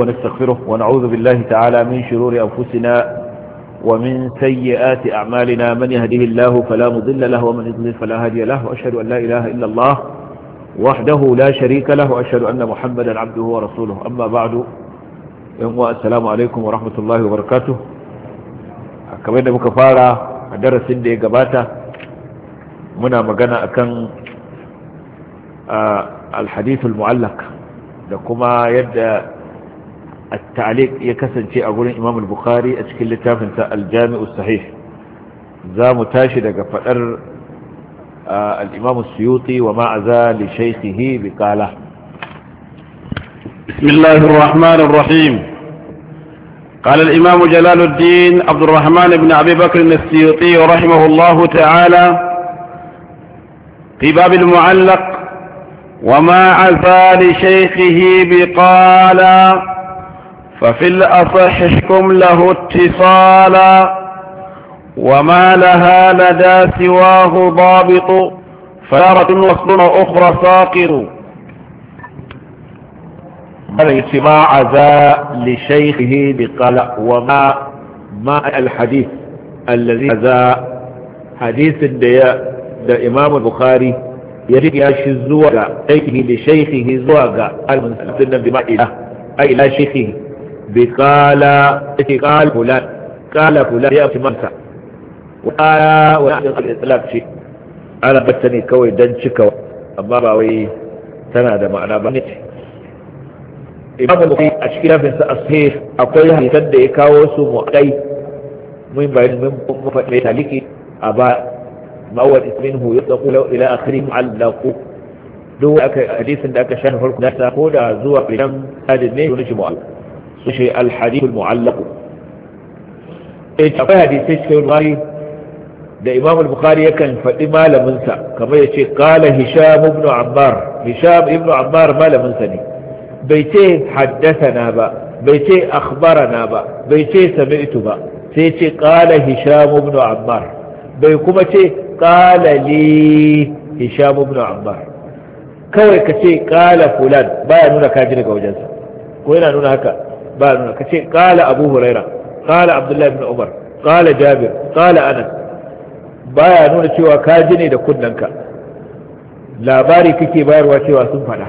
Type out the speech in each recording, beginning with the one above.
ونستغفره ونعوذ بالله تعالى من شرور أنفسنا ومن سيئات أعمالنا من يهده الله فلا مضل له ومن يضلل فلا هادي له وأشهد أن لا إله إلا الله وحده لا شريك له وأشهد أن محمدا عبده ورسوله أما بعد السلام عليكم ورحمة الله وبركاته kamar da muka fara a darasin da ya gabata muna magana akan alhadithul mu'allaq da kuma yadda التعليق يكسن شيء أقول إمام البخاري أشكل لتافن الجامع الصحيح ذا متاشد قفر آه الإمام السيوطي ومع ذا لشيخه بقاله بسم الله الرحمن الرحيم قال الإمام جلال الدين عبد الرحمن بن أبي بكر السيوطي رحمه الله تعالى في باب المعلق وما عزى لشيخه بقالا ففي الأصح احكم له اتصالا وما لها لدى سواه ضابط فارة وصل أخرى ساقر الاجتماع ذا لشيخه بقلع وما ما الحديث الذي ذا حديث الدياء دا إمام البخاري يجب ياشي الزوغة أيه لشيخه زوغة المنسلسل بما إله أي لا شيخه bi qala yake fulan qala fulan ya fi manta wa qala wa ya al-islam ana batta ne kawai don cikawa amma ba wai tana da ma'ana ba ne imam bukhari a cikin rafin sa asir akwai hadisan da ya kawo su mu'adai mun bayani mun kuma faɗi taliki a ba ma'awar isminhu ya tsaku lau ila akhiri mu'allaku duk aka hadisin da aka shafa farko nasa ko da zuwa fitan hadin ne wani shi mu'allaku shi alhadithul mu'allaq eh akwai hadisi cikin bukhari da imam al-bukhari yakan faɗi malamin sa kamar yace qala hisham ibn ammar hisham ibn ammar malamin sa ne bai ce haddathana ba bai ce akhbarana ba bai ce sami'tu ba sai ce qala hisham ibn ammar bai kuma ce qala li hisham ibn ammar kawai ka ce qala fulan baya nuna kaji daga wajensa ko yana nuna haka ba nuna ka ce qala abu huraira qala abdullahi ibn umar qala jabir qala anas baya nuna cewa ka ji ne da kunnanka labari kake bayarwa cewa sun faɗa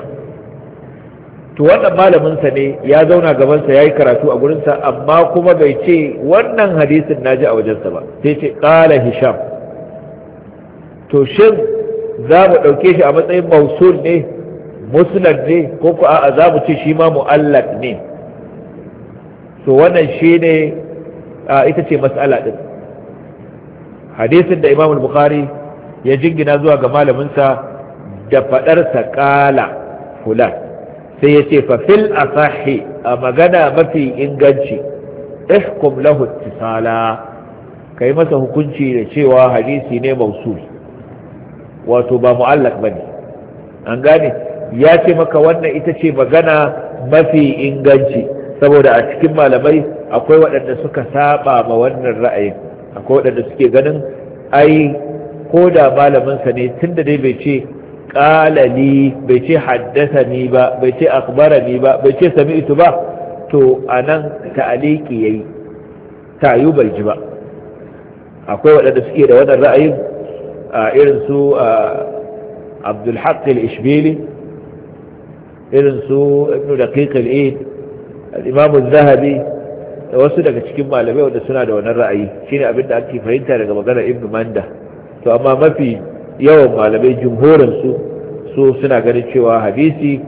to wannan malamin ne ya zauna gabansa, ya yi karatu a gurin amma kuma bai ce wannan hadisin na ji a wajensa sa ba sai ce qala hisham to shin za mu dauke shi a matsayin mausul ne musnad ne ko ko a'a za mu ce shi ma mu'allaq ne to wannan shi ne ita ce matsala ɗin hadisin da imamul bukhari ya jingina zuwa ga malaminsa da faɗarsa ƙala fulan sai ya ce fafil asahi a magana mafi inganci ihkum lahu tisala yi masa hukunci da cewa hadisi ne mausul wato ba mu'allak ne. an gane ya ce maka wannan ita ce magana mafi inganci saboda a cikin malamai akwai waɗanda suka saba ma wannan ra'ayin akwai waɗanda suke ganin ai ko da malaminsa ne tunda dai bai ce ƙalali bai ce haddasa ni ba bai ce akbara ni ba bai ce sami'tu ba to a nan ta'aliki yayi tayu bai ji ba akwai waɗanda suke da wannan ra'ayin a irin su abdulhaq al-ishbili irin su ibnu daqiq al-eid al'imamun zahabi da wasu daga cikin malamai wanda suna da wannan ra'ayi shine abin da ake fahimta daga magana ibnu manda to amma mafi yawan malamai jumhurinsu su suna ganin cewa hadisi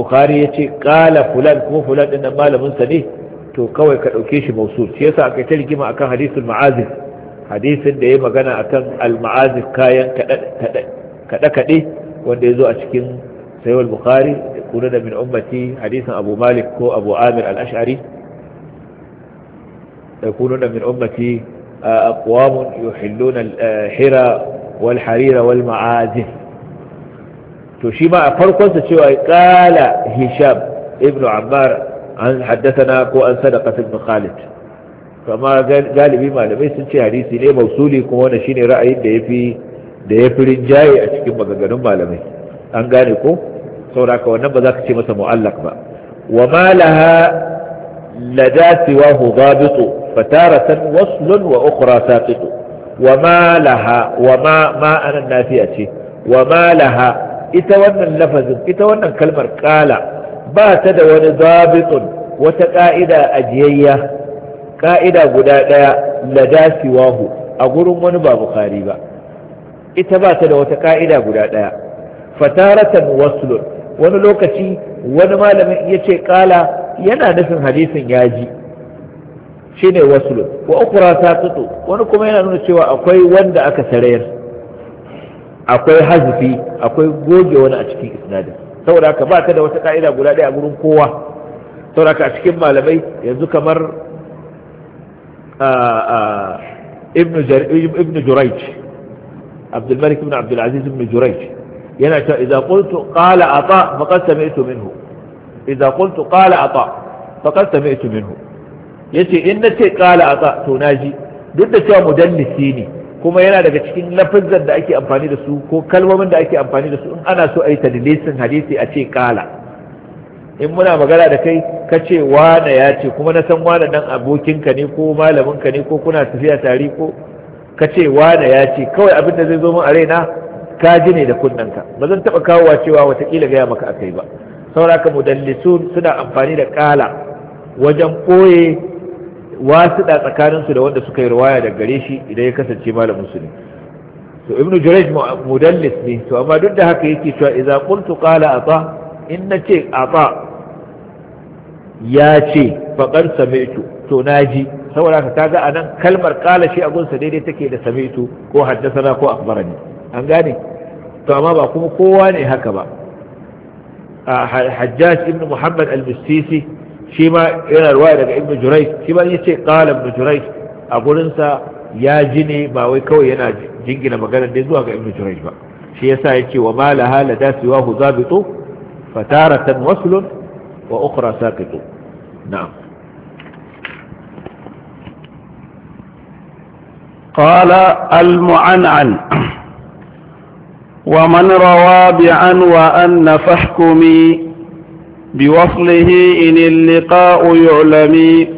bukhari ya ce kala fulan kuma fulan din nan malamin sa ne to kawai ka ɗauke shi mausul shi yasa aka ta rigima akan hadisul ma'azif hadisin da ya magana akan al-ma'azif kayan kaɗe-kaɗe wanda ya zo a cikin sayuwar bukari. kuna da min ummati hadisin abu malik ko abu amir al’ash’ari da kuna min ummati a akwamun yuhillun al’ahira wal harira wal ma’azin to shi ma a farkon sa cewa kala hisham ibnu ammar an haddatana ko an sadaka ibn khalid kama galibi malamai sun ce hadisi ne mausuli kuma wani shine ra'ayin da ya fi da ya rinjaye a cikin magaganun malamai an gane ko Saura ka wannan ba za ka ce masa mu'allaq ba wa ma laha lada siwahu dhabitu fataratan waslun wa ukhra saqitu wa ma laha wa ma ma anan nafiya ce wa ma laha ita wannan lafazin ita wannan kalmar qala ba ta da wani dhabitun wata ka'ida ajiyayya ka'ida guda daya lada siwahu a gurin wani ba bukhari ba ita ba ta da wata ka'ida guda daya fataratan waslun wani lokaci wani malamin ya ce kala yana nufin hadisin yaji. Shi ne wasu wa ukura ta tutu wani kuma yana nuna cewa akwai wanda aka sarayar akwai hazifi akwai goge wani a cikin isnadin saboda haka ba ka da wata ka'ida guda ɗaya a gurin kowa saboda haka a cikin malamai yanzu kamar ibn juraij abdulmalik ibn abdulaziz ibn juraij yana cewa idza qultu qala ata faqad sami'tu minhu idza qultu qala ata faqad sami'tu minhu yace in nace qala ata to naji duk da cewa mudallisi ne kuma yana daga cikin lafazan da ake amfani da su ko kalmomin da ake amfani da su in ana so a yi tadlisin hadisi a ce kala in muna magana da kai ka ce wane ya ce kuma na san wane dan abokinka ne ko malaminka ne ko kuna tafiya tare ko ka ce wane ya ce kawai abin da zai zo min a raina ka ji ne da kunnanka ba zan taɓa kawowa cewa watakila gaya maka a kai ba sauraka mudallisu suna amfani da ƙala wajen ɓoye wasu da tsakaninsu da wanda suka yi ruwaya da gare shi idan ya kasance malamin su ne to ibnu jurayj mudallis ne to amma duk da haka yake cewa idza qultu qala ata in nace ata ya ce faqad sami'tu to naji saboda ka kaga anan kalmar qala shi a gunsa daidai take da sami'tu ko haddathana ko akhbarani an gane to amma ba kuma kowa ne haka ba hajjaj ibn muhammad al-mustisi shi ma yana ruwa daga ibn jurai shi ba yace qala ibn jurai a gurinsa ya ji ne ba wai kawai yana jingina magana dai zuwa ga ibn jurai ba shi yasa yace wa ma la hala dasiwahu zabitu fataratan waslun wa ukhra saqitu na'am قال ومن روى بعن وأن فاحكمي بوصله إن اللقاء يعلمي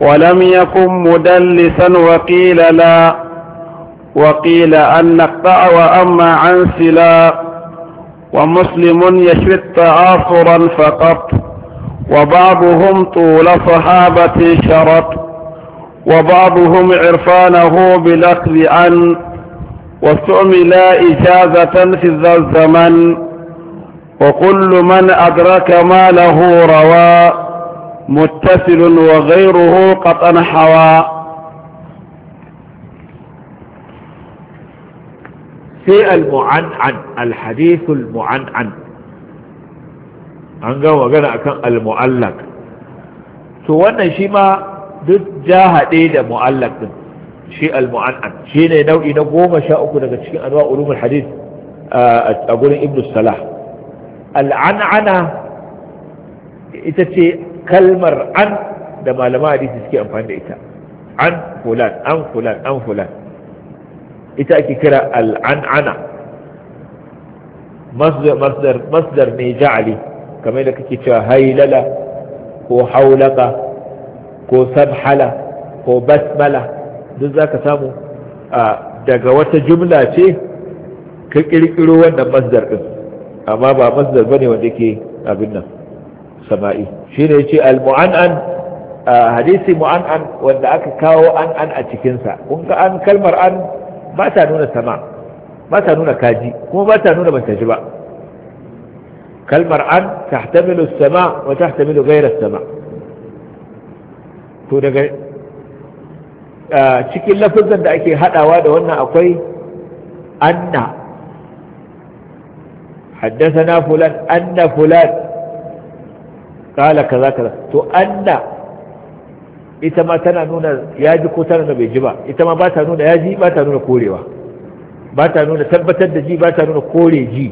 ولم يكن مدلسا وقيل لا وقيل أن نقطع وأما عن سلا ومسلم يشوي تعاصرا فقط وبعضهم طول صحابة شرط وبعضهم عرفانه بالأخذ عن واستعمل إجازة في ذا الزمن وكل من أدرك ما له روى متصل وغيره قد انحوى في المعنعن الحديث المعنعن an gama magana akan al-mu'allaq to wannan shi ma duk jahade da mu'allaq din shi al-mu'an'an ne nau'i na goma sha uku daga cikin anwa ulumul hadith a gurin ibn salah al'an'ana ita ce kalmar an da malama hadisi suke amfani da ita an fulan an fulan an fulan ita ake kira al'an'ana masdar ne ja'ali kamar da kake cewa hailala ko haulaka ko sabhala ko basmala duk za ka samu daga wata jumla ce ka ƙirƙiro wannan masdar ɗin amma ba masdar ba ne wanda ke abin nan sama'i shi ne ce al-mu'an'an hadisi mu'an'an wanda aka kawo an'an a cikinsa kun ka an kalmar an ba ta nuna sama ba ta nuna kaji kuma ba ta nuna banta ji ba kalmar an tahtamilu sama wa tahtamilu ghayra sama to daga cikin lafazan da ake hadawa da wannan akwai anna haddasana fulan anna fulan kala kaza kaza to anna ita ma tana nuna yaji ko tana da bai ji ba ita ma ba ta nuna yaji ba ta nuna korewa ba ta nuna tabbatar da ji ba ta nuna kore ji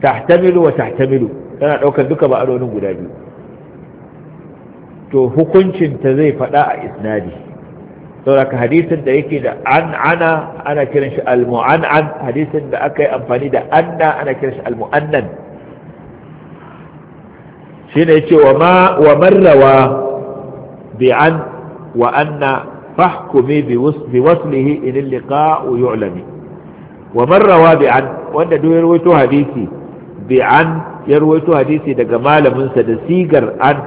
ta wa ta tana daukar duka ba'adonin guda biyu to hukuncin ta zai fada a isnadi sauraka hadisin da yake da an ana ana kiran shi al-mu'an'an hadisin da aka yi amfani da anna ana kiran shi al-mu'annan shi ne ce wa marrawa bi an wa anna fahkumi bi waslihi in liqa'u yu'lami wa marrawa bi an wanda duk yarwaito hadisi bi an yarwaito hadisi daga malaminsa da sigar an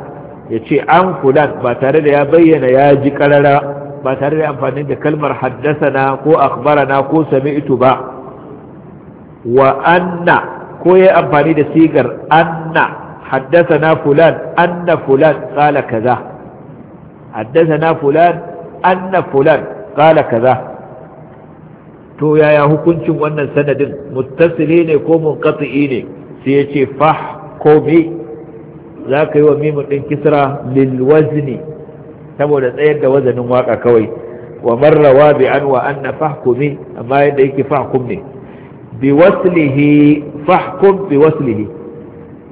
Ya ce an fulan ba tare da ya bayyana ya ji karara ba tare da amfani da kalmar haddasana ko na ko sami'tu ba wa anna ko ya amfani da sigar anna na fulan anna fulan qala kaza na fulan anna fulan qala kaza to yaya hukuncin wannan sanadin muttasili ne ko munqati ne sai yace za zaka yi wa mimun ɗin kisra lil wazni saboda tsayar da wazanin waka kawai wa marrawa bi an wa anna fahkumi amma yadda yake fahkum ne bi waslihi fahkum bi waslihi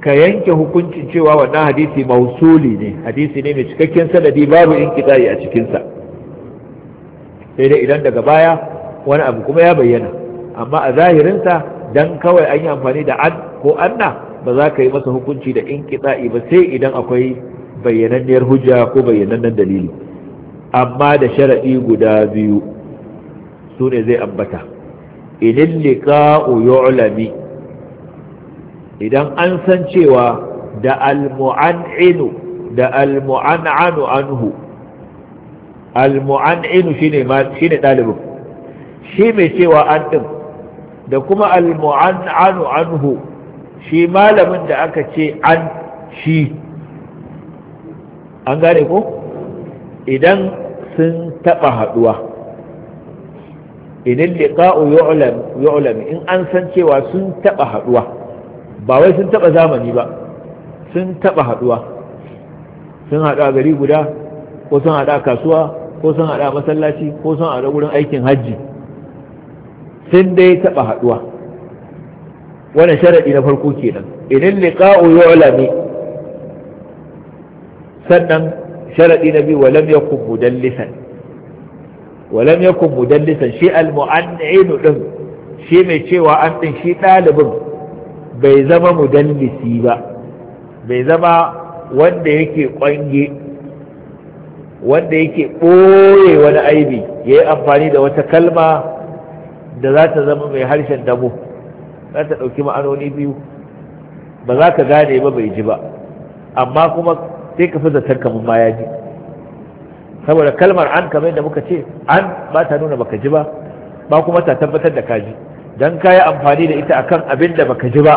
ka yanke hukuncin cewa wannan hadisi mausuli ne hadisi ne mai cikakken sanadi babu inqita'i a cikin sa sai dai idan daga baya wani abu kuma ya bayyana amma a zahirinsa dan kawai an yi amfani da an ko anna ba za ka yi masa hukunci da inqita'i ba sai idan akwai bayyananniyar hujja ko bayyanannen dalili amma da sharaɗi guda biyu su ne zai ambata lika uyo yu'lami idan an san cewa da almu'an'inu da almu'an'anu anhu almu'an'inu shine shine dalibin shi mai cewa an din da kuma almu'an'anu anhu shi malamin da aka ce an shi an gane ko idan sun taɓa haɗuwa idan liqa'u yu'lam in an san cewa sun taɓa haɗuwa ba wai sun taɓa zamani ba sun taɓa haɗuwa sun haɗu a gari guda ko sun haɗu a kasuwa ko sun haɗu a masallaci ko sun haɗu wurin aikin hajji sun dai taɓa haɗuwa wannan sharaɗi na farko kenan idan liqa'u yu'lami sannan sharaɗi na biyu walam kun mudallisan walam kun mudallisan shi almu'annu ɗin shi mai cewa an ɗin shi ɗalibin bai zama mudallisi ba bai zama wanda yake ƙwange wanda yake ɓoye wani aibi ya yi amfani da wata kalma da za ta zama mai harshen damu za ta ɗauki ma'anoni biyu ba za ka gane ba bai ji ba amma kuma sai ka fi zaton kamun ma ya ji saboda kalmar an kamar yadda muka ce an ba ta nuna baka ji ba ba kuma ta tabbatar da ka ji dan ka yi amfani da ita akan abin da baka ji ba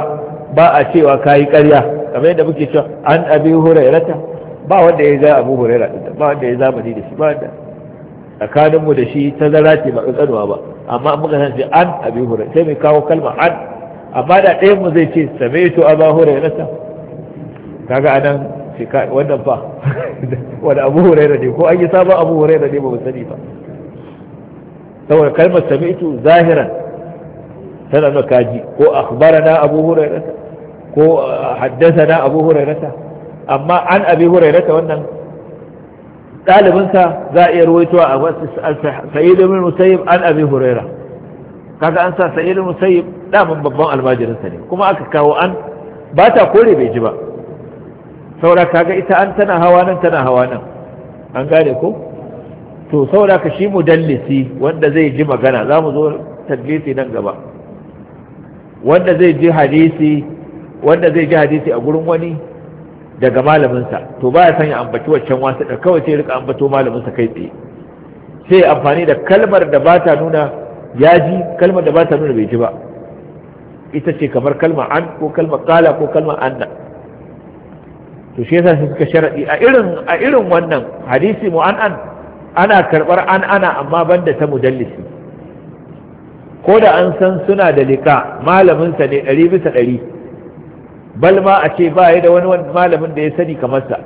ba a cewa ka yi ƙarya kamar yadda muke cewa an abi hurairata ba wanda ya ga abu huraira ba wanda ya zamani da shi ba wanda tsakaninmu da shi ta zara ce ba tsanuwa ba amma an muka san ce an abi hurairata sai mai kawo kalma an amma da ɗayan mu zai ce same to aba hurairata kaga anan ce kai wannan fa wani abu huraira ne ko an yi sabon abu huraira ne ba mu sani ba saboda kalmar sami'tu zahiran tana nuna kaji ko akhbarana abu huraira ko haddathana abu huraira amma an abi huraira wannan ɗalibinsa za a iya ruwaitowa a wasu sa'id ibn musayyib an abi huraira kaga an sa sa'id ibn musayyib daman babban almajirinsa ne kuma aka kawo an ba ta kore bai ji ba saura kaga ita an tana hawa nan tana hawa nan an gane ko to saura ka shi mudallisi wanda zai ji magana za mu zo tadlisi nan gaba wanda zai ji hadisi wanda zai ji hadisi a gurin wani daga malaminsa to ba ya sanya ambaci waccan wasu da kawai sai rika ambato malaminsa kai tsaye sai amfani da kalmar da ba ta nuna ya ji kalmar da ba ta nuna bai ji ba ita ce kamar kalmar an ko kalmar kala ko kalmar anna to shi yasa suka sharadi a irin a irin wannan hadisi mu an an ana karbar an ana amma banda ta mudallisi ko da an san suna da liƙa malamin sa ne ɗari bisa ɗari bal ma a ce ba ya da wani malamin da ya sani kamar sa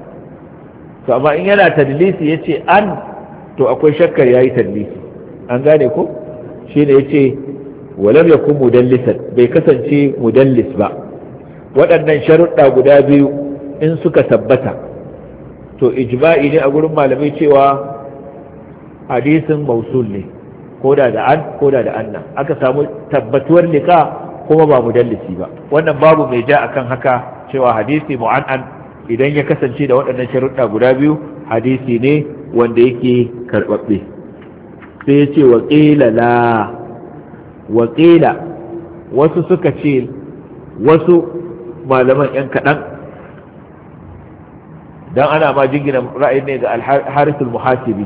to amma in yana tadlisi yace an to akwai shakkar yayi tadlisi an gane ko ya yace walam yakun mudallisan bai kasance mudallis ba waɗannan sharuɗa guda biyu in suka tabbata to ijma'i ne a gurin malamai cewa hadisin mausul ne koda da an koda da anna aka samu tabbatuwar nika kuma ba mudallisi ba wannan babu mai ja akan haka cewa hadisi mu'an'an idan ya kasance da waɗannan sharuɗa guda biyu hadisi ne wanda yake karɓaɓɓe sai ya ce waƙila la waƙila wasu suka ce wasu malaman 'yan kaɗan dan ana ma jingina ra'ayin ne ga al Muhasibi, muhasibi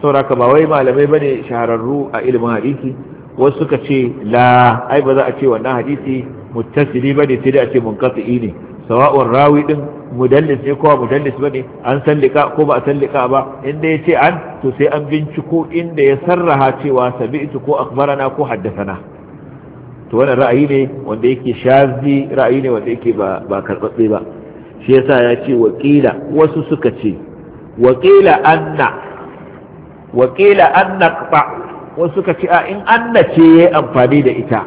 ka ba wai malamai ne shahararru a ilimin hadisi wasu suka ce la ai ba za a ce wannan hadisi ba bane sai dai a ce munqati ne sawa'un rawi din mudallis ne ko mudallis ne, an sallika ko ba a sallika ba inda ce an to sai an binciko inda ya sarraha cewa sabi'tu ko akhbarana ko haddasana, to wannan ra'ayi ne wanda yake shazi ra'ayi ne wanda yake ba ba karbatse ba shi yasa ya ce wakila wasu suka ce wakila anna wakila anna ba wasu suka ce a in anna ce ya yi amfani da ita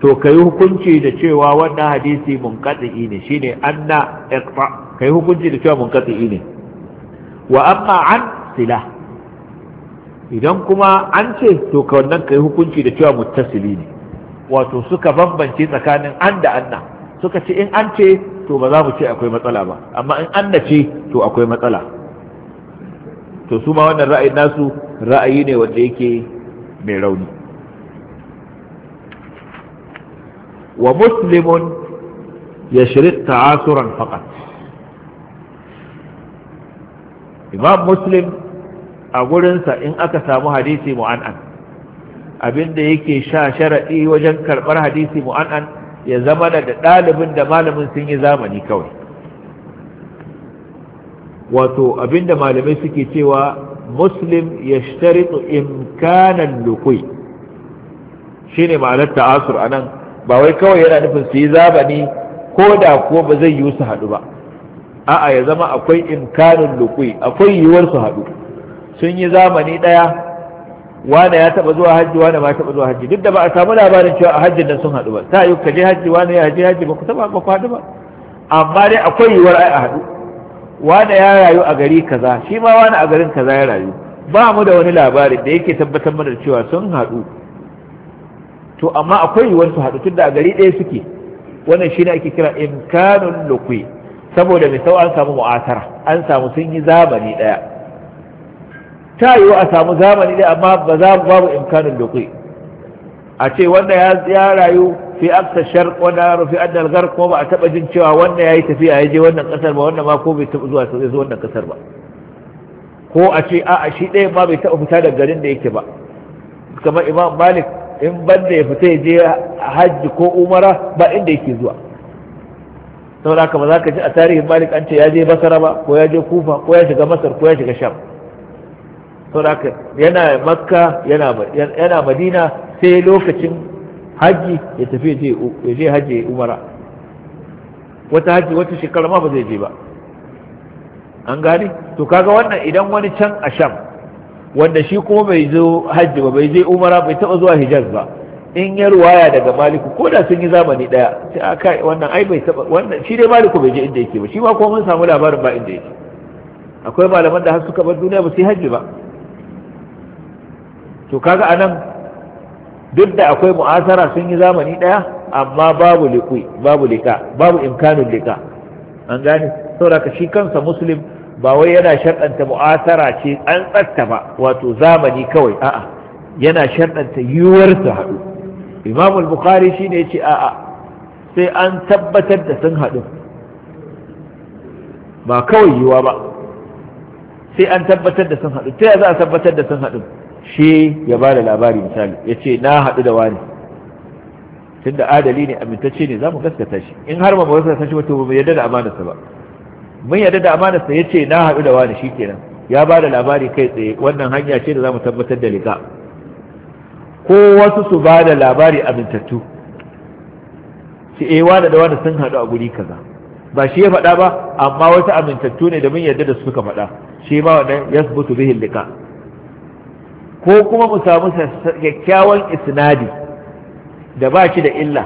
to ka yi hukunci da cewa wannan hadisi munkatsi ne shi ne anna iqta ka yi hukunci da cewa munkatsi ne wa amma an sila idan kuma an ce to ka wannan ka yi hukunci da cewa muttasili ne wato suka bambance tsakanin an da anna suka ce in an ce to ba za mu ce akwai matsala ba amma in an na ce to akwai matsala to su ma wannan ra'ayin nasu ra'ayi ne wanda yake mai rauni wa muslimun ya shirin ta'asuran faƙat imam muslim a gurinsa in aka samu hadisi mu'an'an abinda yake sha sharaɗi wajen karɓar hadisi mu'an'an ya zama da ɗalibin da malamin sun yi zamani kawai wato abinda malamai suke cewa muslim ya shtaritu imkanan lukui shi ne ma'anar ta'asur a nan ba wai kawai yana nufin su yi zamani ko da ko ba zai yi su haɗu ba a'a ya zama akwai imkanin lukui akwai yiwuwar su haɗu sun yi zamani ɗaya wane ya taba zuwa hajji ba ma taba zuwa hajji duk da ba a samu labarin cewa a hajjin nan sun haɗu ba ta yi ka je hajji wani ya je hajji ba ku taba ba ku haɗu ba amma dai akwai yiwuwar ai a haɗu wane ya rayu a gari kaza shi ma wani a garin kaza ya rayu ba mu da wani labarin da yake tabbatar mana da cewa sun haɗu to amma akwai yiwuwar su haɗu tunda a gari ɗaya suke wannan shi ne ake kira imkanun lukwi saboda mai sau an samu mu'atara an samu sun yi zamani ɗaya ta yi a samu zamani da amma ba za mu babu imkanin Dokai. a ce wanda ya rayu fi aksa shar wanda ya rufi annal gar kuma ba a taba jin cewa wanda ya yi tafiya ya je wannan ƙasar ba wanda ma ko bai tafi zuwa sai zo wannan ƙasar ba ko a ce a shi ɗaya ma bai taɓa fita daga garin da yake ba kamar imam malik in banda ya fita ya je hajji ko umara ba inda yake zuwa saboda haka ba za ka ji a tarihin malik an ce ya je basara ba ko ya je kufa ko ya shiga masar ko ya shiga sham sauraka yana makka yana madina sai lokacin hajji ya tafi ya je hajji ya umara wata hajji wata shekara ma ba zai je ba an gani to kaga wannan idan wani can a sham wanda shi kuma bai zo hajji ba bai je umara bai taba zuwa hijaz ba in ya ruwaya daga maliku ko da sun yi zamani daya sai aka wannan ai bai taba wannan shi dai maliku bai je inda yake ba shi ma kuma mun samu labarin ba inda yake akwai malaman da har suka bar duniya ba su yi hajji ba to kaga anan duk da akwai mu'asara sun yi zamani daya amma babu liqi babu liqa babu imkanul liqa an gane saboda shi kansa muslim ba wai yana sharɗanta mu'asara ce an tsatta ba wato zamani kawai a'a yana sharɗanta yiwuwar su haɗu imam al-bukhari shine yace a'a sai an tabbatar da sun haɗu ba kawai yiwuwa ba sai an tabbatar da sun haɗu ta za a tabbatar da sun haɗu shi ya ba da labari misali ya ce na haɗu da wani tunda adali ne amintacce ne za mu gaskata shi in har ba mu gaskata shi ba mu yarda da amanarsa ba mun yarda da amanarsa ya ce na haɗu da wani shi kenan ya ba da labari kai tsaye wannan hanya ce da za mu tabbatar da liƙa ko wasu su ba da labari amintattu su eh wani da wani sun haɗu a guri kaza ba shi ya faɗa ba amma wata amintattu ne da mun yarda da su suka faɗa shi ma wannan yasbutu bihi liqa ko kuma mu samu kyakkyawan isnadi da ba shi da illa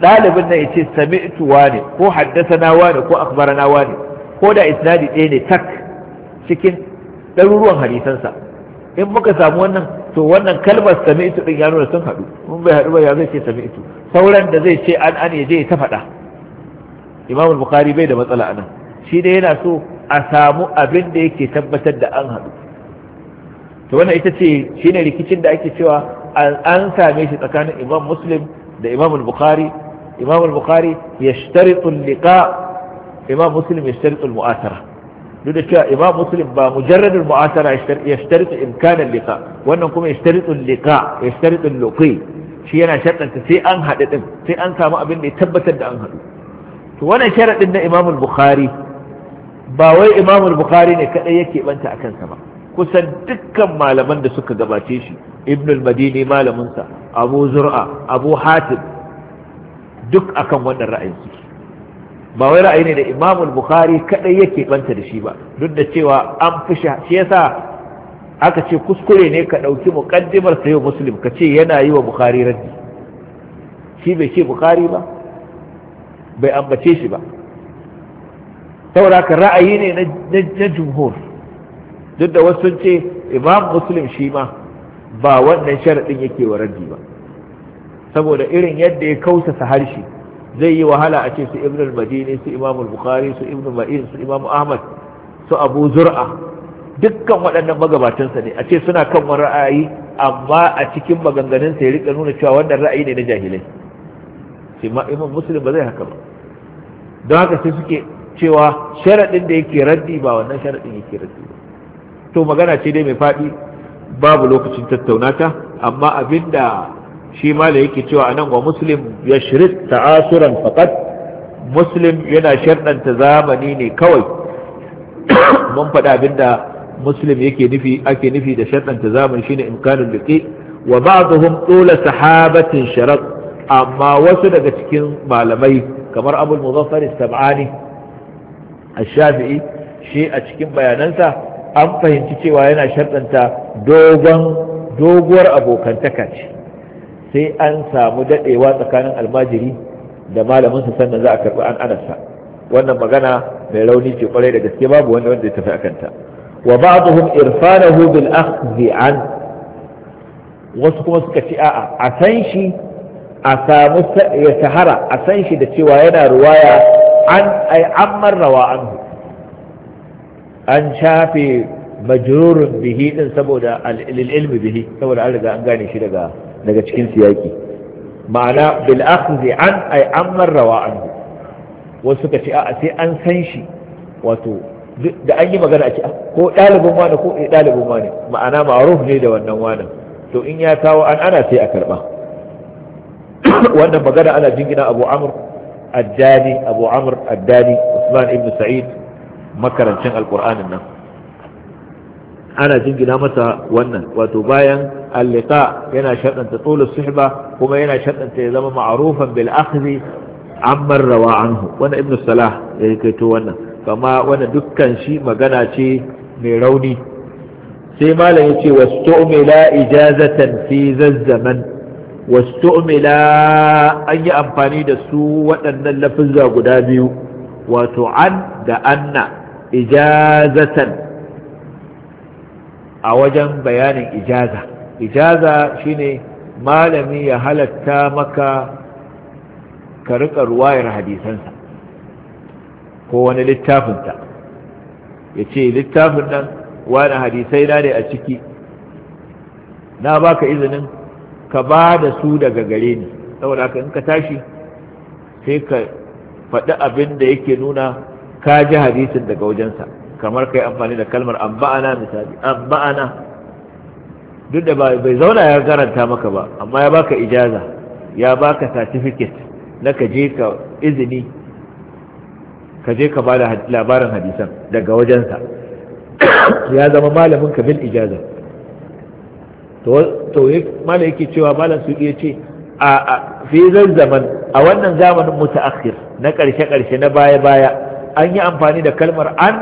ɗalibin na sami ituwa wane ko haddasana wane ko nawa wane ko da isnadi ɗaya ne tak cikin ɗaruruwan hadisansa in muka samu wannan to wannan kalmar sami'tu ɗin ya nuna sun haɗu mun bai haɗu ba ya zai ce sami'tu sauran da zai ce an an ya je ta faɗa imam bukhari bai da matsala anan shi dai yana so a samu abin da yake tabbatar da an haɗu to wannan ita ce shi ne rikicin da ake cewa an same shi tsakanin imam muslim da imam al-bukhari imam al-bukhari yashtaritu liqa imam muslim yashtaritu al-mu'asara duk da cewa imam muslim ba mujarrad al-mu'asara yashtaritu imkan al liƙa, wannan kuma yashtaritu al-liqa yashtaritu al-luqi shi yana shartanta sai an haɗu din sai an samu abin da ya tabbatar da an haɗu to wannan sharadin na imam al-bukhari ba wai imam al-bukhari ne kadai yake banta a kansa ba kusan dukkan malaman da suka gabace shi ibnul madini malaminsa abu zur'a abu hatim duk akan wannan ra'ayin suke ba wai ra'ayi ne da imamul bukhari kadai yake banta da shi ba duk da cewa an fi shi yasa aka ce kuskure ne ka dauki muqaddimar sayo muslim ka ce yana yi wa bukhari raddi shi bai ce bukhari ba bai ambace shi ba saboda ka ra'ayi ne na jumhur duk da wasu sun ce imam muslim shi ma ba wannan sharaɗin yake wa raddi ba saboda irin yadda ya kausasa harshe zai yi wahala a ce su ibn al-madini su imam al-bukhari su ibn ma'in su imam ahmad su abu zur'a dukkan waɗannan magabatansa ne a ce suna kan wani ra'ayi amma a cikin maganganun sa ya rika nuna cewa wannan ra'ayi ne na jahilai sai ma imam muslim ba zai haka ba don haka sai suke cewa sharaɗin da yake raddi ba wannan sharaɗin yake raddi ba to magana ce dai mai faɗi babu lokacin tattaunata amma abinda shi mala yake cewa anan wa muslim ya shirin ta'asuran faqat muslim yana sharɗanta zamani ne kawai mun faɗa abinda muslim yake nufi ake nufi da sharɗanta zamani shine imkanul liqi wa ba'dhum tula sahabatin sharat amma wasu daga cikin malamai kamar abul muzaffar as-sab'ani ash-shafi'i shi a cikin bayanansa an fahimci cewa yana sharɗanta dogon doguwar abokantaka ce sai an samu daɗewa tsakanin almajiri da malaminsa sannan za a karɓi an anasa wannan magana mai rauni ce kwarai da gaske babu wanda wanda ya tafi a kanta wa ba'dhum irfanahu bil akhdhi an wasu kuma suka ce a'a a san shi a samu ya tahara a san shi da cewa yana ruwaya an ai an rawa anhu an shafe majrurun bihi din saboda ilmi bihi saboda an riga an gane shi daga cikin siyaki ma'ana bil akhdhi an ay an marrawa an wasu suka ce a sai an san shi wato da an yi magana a ce ko dalibin wani ko eh ɗalibin wani ma'ana ma'ruf ne da wannan wani to in ya kawo an ana sai a karba wannan magana ana jingina abu amr addani abu amr addani usman ibn sa'id makarancin alƙur'anin nan ana jingina masa wannan wato bayan allika yana shaɗanta tsola suhba kuma yana shaɗanta ya zama marufan bil akhzi amman rawa anhu wannan ibnu salah ya kaito wannan kama wannan dukkan shi magana ce mai rauni sai malam yace wastu'mila ijazatan fi zazzaman wastu'mila an yi amfani da su waɗannan lafizza guda biyu wato an da anna ijazatan a wajen bayanin ijaza ijaza shine malami ya halatta maka ka riƙa ruwayar hadisansa ko wani littafinta. ya ce littafin nan wani hadisai na ne a ciki na baka izinin ka ba da su daga gare ni saboda haka in ka tashi sai ka faɗi abin da yake nuna ka ji hadisin daga wajensa kamar kai amfani da kalmar amba'ana misali amba'ana duk da bai zauna ya karanta maka ba amma ya baka ijaza ya baka certificate na ka je ka izini ka je ka bada labarin hadisan daga wajensa ya zama malamin ka bil ijaza to malam yake cewa malam su iya ce a fi zan zaman a wannan zamanin mutaakhir na karshe karshe na baya baya an yi amfani da kalmar an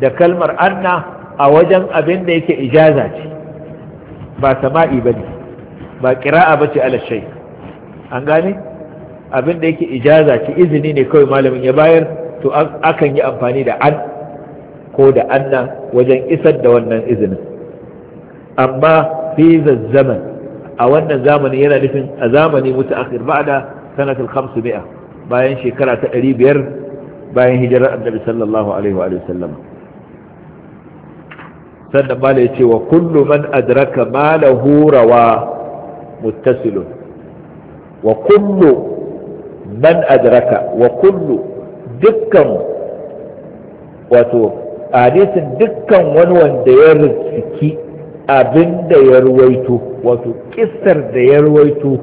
da kalmar anna a wajen abin da yake ijaza ce ba sama'i ba ne ba ƙira'a ba ce alashai an gane abin da yake ijaza ce izini ne kawai malamin ya bayar to akan yi amfani da an ko da anna wajen isar da wannan izinin amma fi zaman a wannan zamani yana nufin a zamani mutu akhir ba'da sanatul 500 bayan shekara ta 500 bayan hijirar annabi sallallahu alaihi wa sallam sannan mala ya ce wa kullu man adraka mala hurawa muttasilun wa kullum man adraka wa kullum dukkan wato hadisin dukkan wani wanda ya riski abin da ya ruwaito wato kissar da ya ruwaito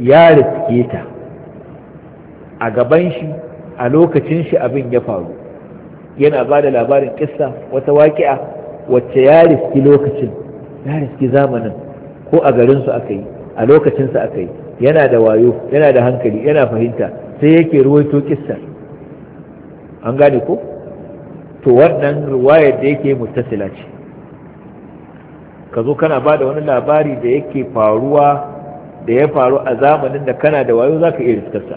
ya riske ta a gaban shi a lokacin shi abin ya faru yana ba da labarin kissa wata waƙi'a wacce ya riski lokacin ya riski zamanin ko a garinsu aka yi a lokacinsa aka yi yana da wayo yana da hankali yana fahimta sai yake ruwaito kissa an gane ko to wannan ruwayar da yake mutasila ce ka zo kana ba da wani labari da yake faruwa da ya faru a zamanin da kana da wayo za ka iya riskarsa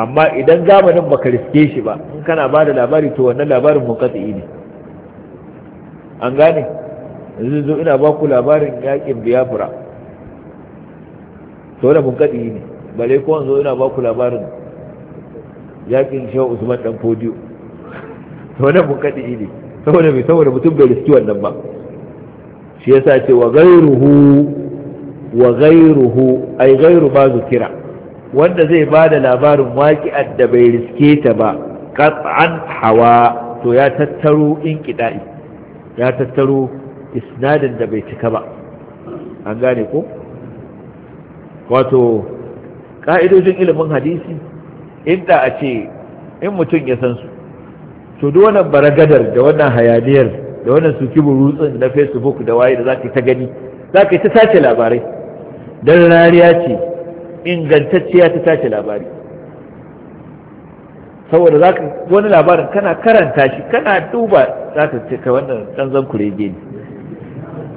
amma idan zamanin baka riske shi ba in kana ba da labari to wannan labarin munqati ne an gane yanzu zo ina ba ku labarin yakin biyafura to da munqati ne bare ko zo ina ba ku labarin yakin shi usman dan fodiyo to da munqati ne saboda bai saboda mutum bai riske wannan ba shi yasa ce wa ghayruhu wa ghayruhu ai ghayru ba zukira wanda zai ba da labarin waƙi'ar da bai riske ta ba kat'an hawa to ya tattaro in kida'i ya tattaro isnadin da bai cika ba an gane ko wato ƙa'idojin ilimin hadisi inda a ce in mutum ya san su to duk wannan baragadar da wannan hayaniyar da wannan suki burutsun na facebook da waye da za ta gani za ka ta sace labarai don rariya ce ingantacciya ta tashi labari saboda za wani labarin kana karanta shi kana duba za ka ce ka wannan ɗanzan kurege ne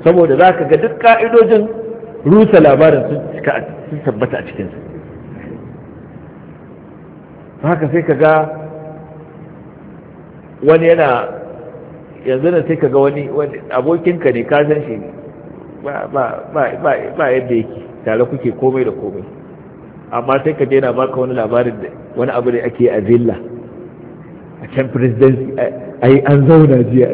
saboda za ka ga duk ka'idojin rusa labarin sun tabbata a cikinsa haka sai ka ga wani yana yanzu na sai ka ga wani abokinka ne ka shi ba yadda yake tare kuke komai da komai amma sai ka je na baka wani labarin da wani abu da ake a villa a can presidency yi an zauna jiya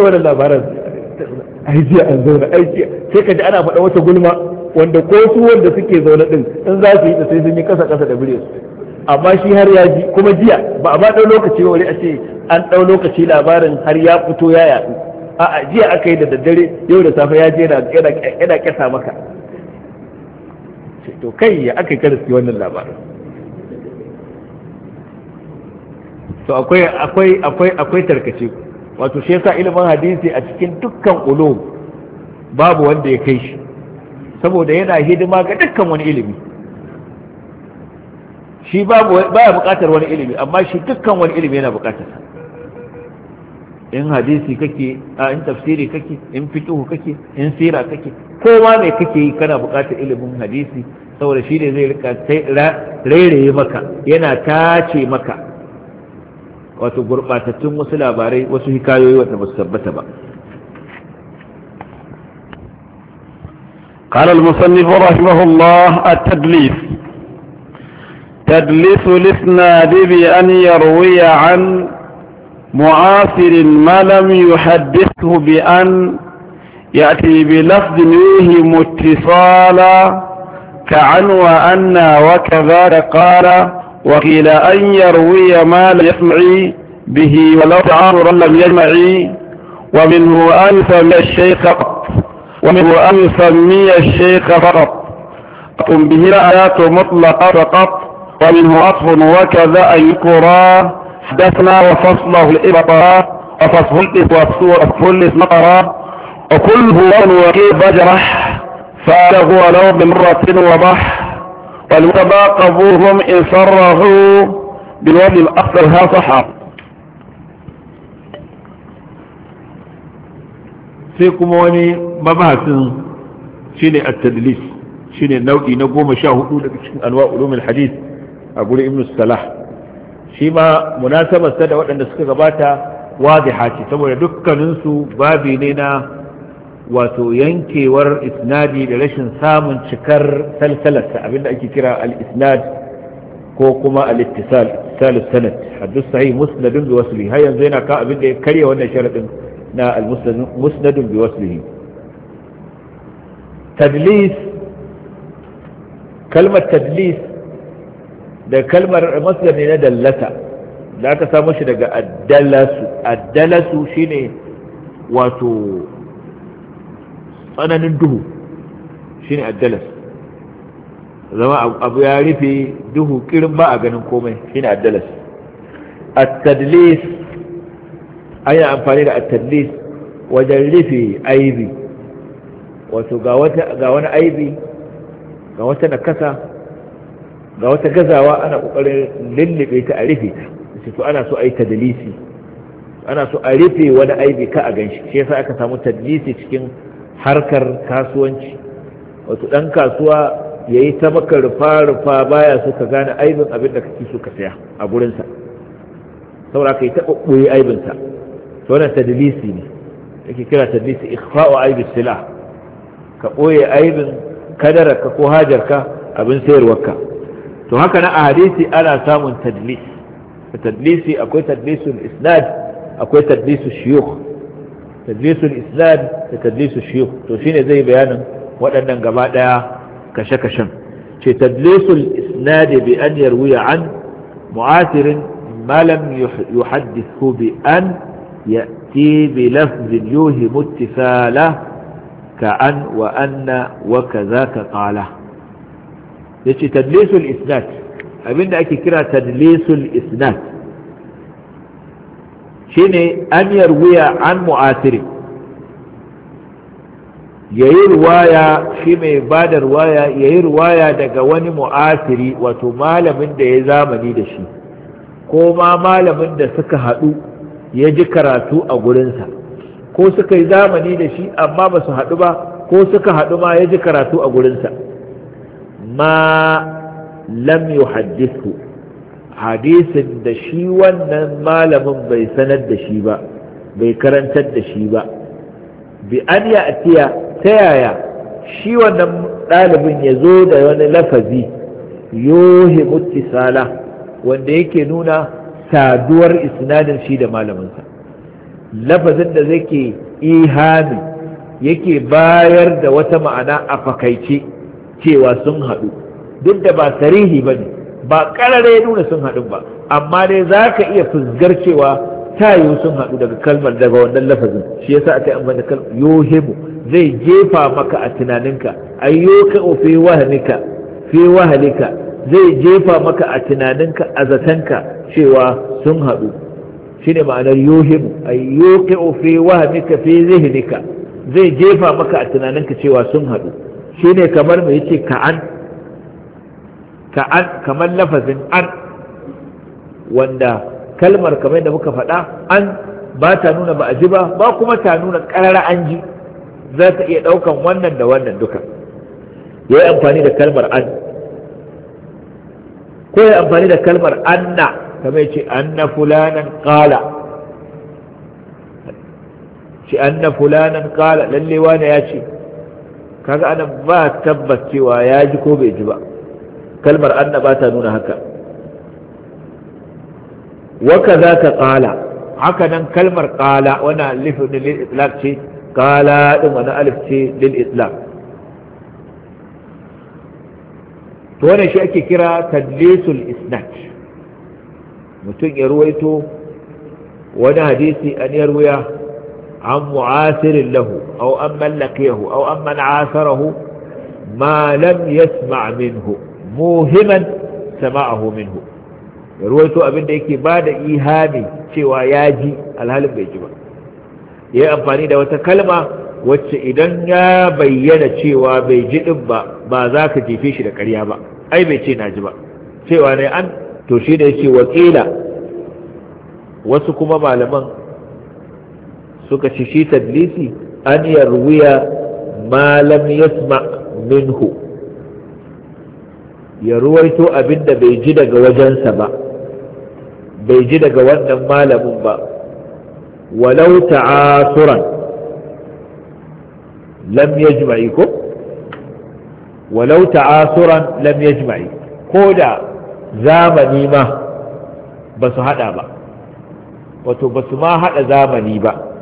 wani labarin a ai jiya an zauna ai jiya sai ka ji ana faɗa wata gulma wanda ko su wanda suke zaune ɗin in za su yi da sai sun yi kasa kasa da bire su amma shi har ya ji kuma jiya ba a ba ɗau lokaci ba wani a ce an ɗau lokaci labarin har ya fito ya yaɗu a'a jiya aka yi da daddare yau da safe ya je yana kyasa maka to kai ya aka karasi wannan labarin to akwai akwai akwai akwai tarkace wato shi yasa ilimin hadisi a cikin dukkan ulum babu wanda ya kai shi saboda yana hidima ga dukkan wani ilimi shi babu baya bukatar wani ilimi amma shi dukkan wani ilimi yana bukatar in hadisi kake a in tafsiri kake in fituhu kake in sira kake kowa mai kake yi kana buƙatar ilimin hadisi saboda shi ne zai rika rairaye maka yana tace maka wato gurɓatattun wasu labarai wasu hikayoyi wata ba su tabbata ba قال المصنف رحمه الله التدليس تدليس الاسناد بأن يروي عن معاصر ما لم يحدثه بأن يأتي بلفظ يوهم اتصالا كعن وأن وكذا قال وقيل أن يروي ما لم يسمع به ولو تعارا لم يجمع ومنه أن يسمي الشيخ قط ومنه أن يسمي الشيخ فقط به الآيات مطلقة فقط ومنه أطف وكذا أن يكراه حدثنا وفصله الإبطار وفصه الإبطار وفصه الإس مقرى وكل هو وكيف بجرح فاله ولو بمرة وضح والمتباقبوهم إن صرغوا بالوجه الأخضر ها صحر فيكم واني مباحث شيني التدليس شيني النوعي نقوم شاهدون لكشن أنواع علوم الحديث أقول ابن السلاح shi ma munasabarsa da waɗanda suka gabata waziha haci. saboda dukkaninsu babi ne na wato yankewar isnadi da rashin samun cikar salsalarsa abinda ake kira al-isnad ko kuma al-ittisal ittisal sanad haddus sahih musnadun bi wasli har yanzu yana kan abin da ya karya wannan sharadin na al-musnadun bi waslihi tadlis kalmar tadlis da kalmar masu ne na dallata da aka samu shi daga addalasu addalasu shine wato tsananin duhu shine addalas zama abu ya rufe duhu kirin ba a ganin komai shine addalas at-tadlis yi amfani da at-tadlis wajen rufe aibi wato ga wani aibi ga wata nakasa ga wata gazawa ana kokarin lullube ta a rufe ta to ana so a yi tadlisi ana so a rufe wani aibi ka a ganshi shi yasa aka samu tadlisi cikin harkar kasuwanci wato dan kasuwa yayi ta maka rufa rufa baya so ka gane aibin abin da kake so ka saya a gurin sa saboda kai ta koyi aibin sa to wannan tadlisi ne yake kira tadlisi ikhfa'u aibi sila ka koye aibin kadararka ko hajarka abin sayarwarka to haka na a hadisi ana samun tadlis tadlisi akwai tadlisul isnad akwai tadlisul shiyukh tadlisul isnad da tadlisul shiyukh to shine zai bayanin waɗannan gaba ɗaya kashe-kashen ce tadlisul isnad bi an yarwiya an mu'asirin ma lam yuhaddithu bi an ya'ti bi lafzin yuhimu ittisala ka an wa anna wa ka qala ce tadlisul isnad abinda ake kira tadlisul isnad shine an yarwiya an mu'asiri yayi ruwaya shi mai bada ruwaya yayi ruwaya daga wani mu'asiri wato malamin da ya zamani da shi ko ma malamin da suka haɗu ya ji karatu a gurinsa ko suka yi zamani da shi amma ba su haɗu ba ko suka haɗu ma ya ji karatu a gurinsa ma lam yuhaddithu hadisin da shi wannan malamin bai sanar da shi ba bai karantar da shi ba bi an ya ta yaya shi wannan ɗalibin ya zo da wani lafazi yohi muttisala wanda yake nuna saduwar isnadin shi da malaminsa lafazin da zai ke ihami yake bayar da wata ma'ana a fakaice cewa sun haɗu duk da ba tarihi ba ne ba ƙarare ya nuna sun haɗu ba amma dai za ka iya fusgar cewa ta yiwu sun haɗu daga kalmar daga wannan lafazin shi yasa aka yi amfani da kalmar yohimu zai jefa maka a tunaninka ka ofe wahalika fi wahalika zai jefa maka a tunaninka a zatanka cewa sun haɗu ne ma'anar yohimu ka ofe wahalika fi zihnika zai jefa maka a tunaninka cewa sun haɗu Shi ne kamar mai yace ka'an ka'an kamar lafazin an wanda kalmar kamar da muka faɗa an ba ta nuna ba a ji ba ba kuma ta nuna ƙarar an ji za ta iya ɗaukan wannan da wannan duka ya yi amfani da kalmar an ko ya amfani da kalmar anna kamar an anna fulanan qala an anna fulanan ƙala, lalle ne ya ce kaga ana ba tabbas cewa ya ji ko bai ji ba kalmar anna ba ta nuna haka waka za ka ƙala haka nan kalmar kala wani alif lil itlaq ce kala ɗin wani alif ce lil to shi ake kira tadlisul isnat mutum ya ruwaito wani hadisi an wuya an mu'asirin lahu أو أمن لقيه أو أمن عاثره ما لم يسمع منه موهما سماعه منه ruwaito abin da yake bada da ihami cewa ya ji alhalin bai ji ba ya amfani da wata kalma wacce idan ya bayyana cewa bai ji din ba ba za ka jefe shi da karya ba ai bai ce na ji ba cewa ne an to shi da yake wakila wasu kuma malaman suka ci shi Hanyar wuya ma lam yasma minhu ya ruwaito abinda bai ji daga wajensa ba bai ji daga wannan malamin ba walau ta'asuran lam yajma'i ko walau ta'asuran lam da zamani ma ba su hada ba wato ba su ma haɗa zamani ba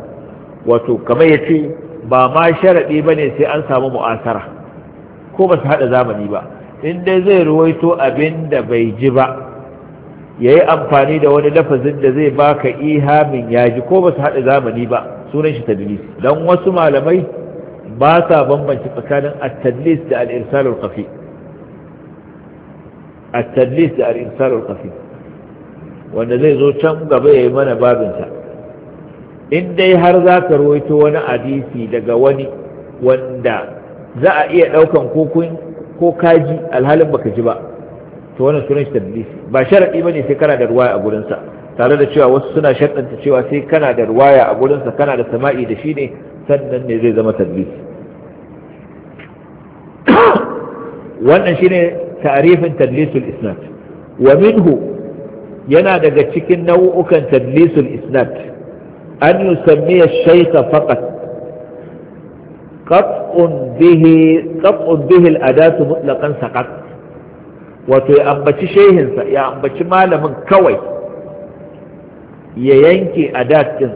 wato kamar ya ce ba ma sharaɗi ba ne sai an samu mu'asara ko ba su haɗa zamani ba in dai zai ruwaito abin da bai ji ba ya yi amfani da wani lafazin da zai baka ihamin ya ji ko ba su haɗa zamani ba sunan shi tadlis don wasu malamai ba sa bambanci tsakanin at-tadlis da al-irsal al-qafi at-tadlis da al-irsal qafi wanda zai zo can gaba ya yi mana babinsa in dai har za ka rawaito wani hadisi daga wani wanda za a iya ɗaukan ko kaji alhalin baka ji ba to wannan sunan shi tadlisi ba sharadi bane sai kana da ruwaya a gurinsa tare da cewa wasu suna shaddanta cewa sai kana da ruwaya a gurinsa kana da sama'i da shi ne sannan ne zai zama tadlisi wannan shine ta'rifin tadlisul isnad wa minhu yana daga cikin nau'ukan tadlisul isnad an yusammiya shaykha faqat qat'un bihi qat'un bihi al-adat mutlaqan saqat wato ya ambaci ya ambaci malamin kawai ya yanke adat din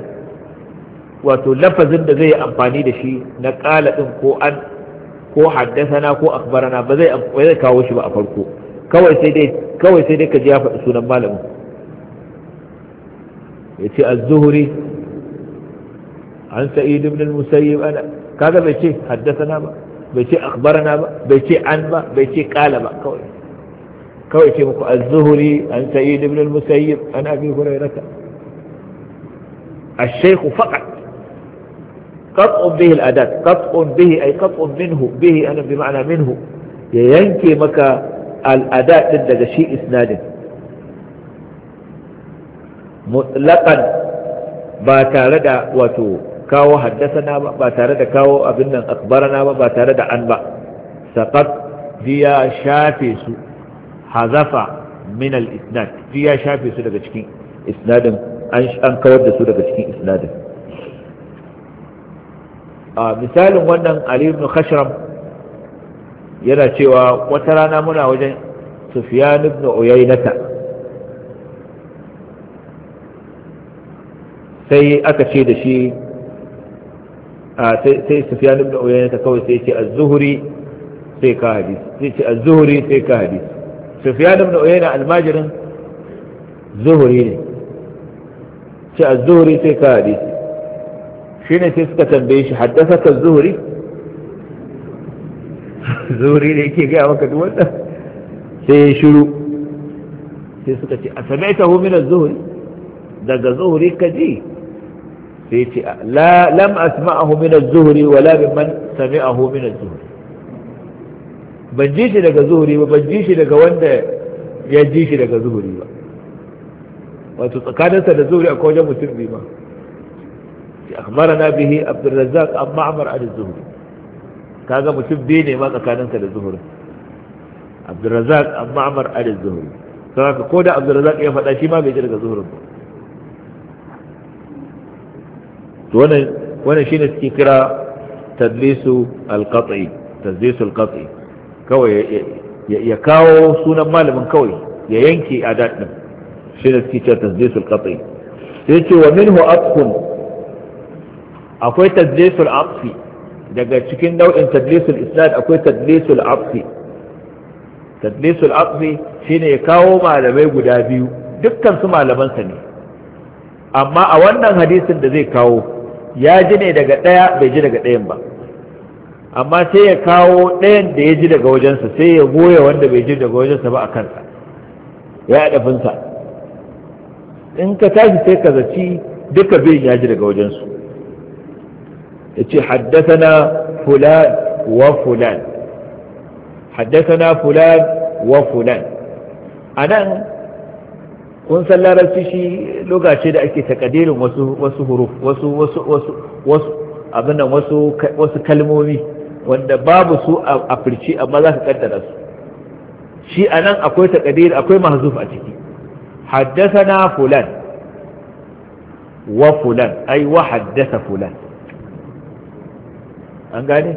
wato lafazin da zai yi amfani da shi na kala din ko an ko haddasana ko akbarana ba zai kawo shi ba a farko kawai sai dai ka ji ya faɗi sunan malamin yace az-zuhri عن سعيد بن المسيب أنا كذا بيتي حدثنا ما بيتي أخبرنا ما بيتي عن ما بيتي قال ما كوي كوي تيمكو الزهري عن سعيد بن المسيب أنا أبي هريرة الشيخ فقط قطع به الأداة قطع به أي قطع منه به أنا بمعنى منه ينكي مكا الأداة ضد شيء إسناد مطلقا ba tare da wato kawo haddasa na ba tare da kawo abin nan akbarana ba ba tare da an ba saqat ya shafe su hazafa min al-isnad ya shafe su daga cikin isnadin an kawar da su daga cikin isnadin a misalin wannan Ali ibn Khashram yana cewa wata rana muna wajen Sufyan ibn Uyaynata sai aka ce da shi sai sufyan ibn uyayna ta kawai sai ce az-zuhri sai ka hadisi sai ce az-zuhri sai ka hadisi sufyan ibn uyayna almajirin zuhri ne ce az-zuhri sai ka hadisi shine sai suka tambaye shi haddasa az-zuhri zuhri ne yake ga maka duk wannan sai ya shiru sai suka ce a sami'tahu min az-zuhri daga zuhri kaji sai ce la lam asma'ahu min az-zuhri wala mimman sami'ahu min az-zuhri ban ji shi daga zuhri ba ban ji shi daga wanda ya ji shi daga zuhri ba wato sa da zuhri akwai wajen mutum biyu ma na bihi abdurrazzaq an ma'mar an az-zuhri kaga mutum biyu ne ma sa da zuhri abdurrazzaq an ma'mar an zuhri saboda ko da abdurrazzaq ya faɗa shi ma bai ji daga zuhri ba to wannan wannan shine suke kira tadlisu alqat'i tadlisu alqat'i kawai ya kawo sunan malamin kawai ya yanke a dadin shine suke cewa tadlisu alqat'i sai ce wa minhu aqfun akwai tadlisu alaqfi daga cikin nau'in tadlisu alislad akwai tadlisu alaqfi tadlisu alaqfi shine ya kawo malamai guda biyu dukkan su malaman sa ne amma a wannan hadisin da zai kawo ya ji ne daga ɗaya bai ji daga ɗayan ba amma sai ya kawo ɗayan da ya ji daga wajensa sai ya goya wanda bai ji daga wajensa ba a kansa ya ɗafinsa in ka tashi sai ka zaci duka biyun ya ji daga wajensu ya ce haddasana fulan wa fulan haddasana fulan wa fulan a nan kun san larabci shi lokaci da ake takadirin wasu wasu huruf wasu wasu wasu wasu abin wasu wasu kalmomi wanda babu su a firci amma za ka kaddara su shi anan akwai takadir akwai mahzuf a ciki haddathana fulan wa fulan ai wa haddatha fulan an gane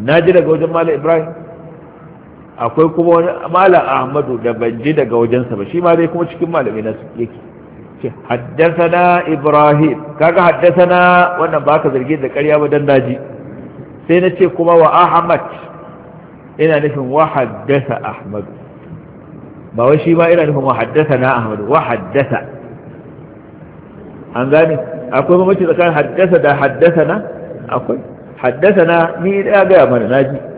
na ji daga wajen malam ibrahim akwai kuma wani malam ahmadu da ban ji daga wajensa ba shi ma dai kuma cikin malamai na yake ce na ibrahim kaga haddasa na wannan ba ka zargi da karya ba dan daji sai na ce kuma wa ahmad ina nufin wa haddasa ahmad ba wai shi ma ina nufin wa haddasa na ahmad wa haddasa an gane akwai mamaci tsakanin haddasa da haddasa na akwai haddasa na ni ya gaya mana naji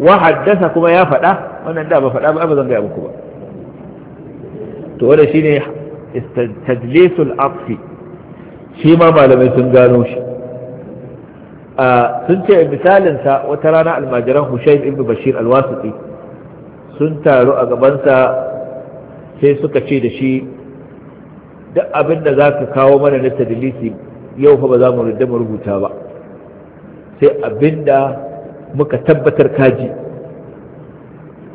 wa haddasa kuma ya faɗa wannan da ba faɗa ba ba zan gaya muku ba to wanda shine tadlisul aqfi shi ma malamai sun gano shi sun ce misalinsa wata rana almajiran Hushayn ibn Bashir al-Wasiti sun taru a gabansa sai suka ce da shi duk abin da za ka kawo mana na tadlisi yau fa ba za mu rudda mu rubuta ba sai abinda muka tabbatar kaji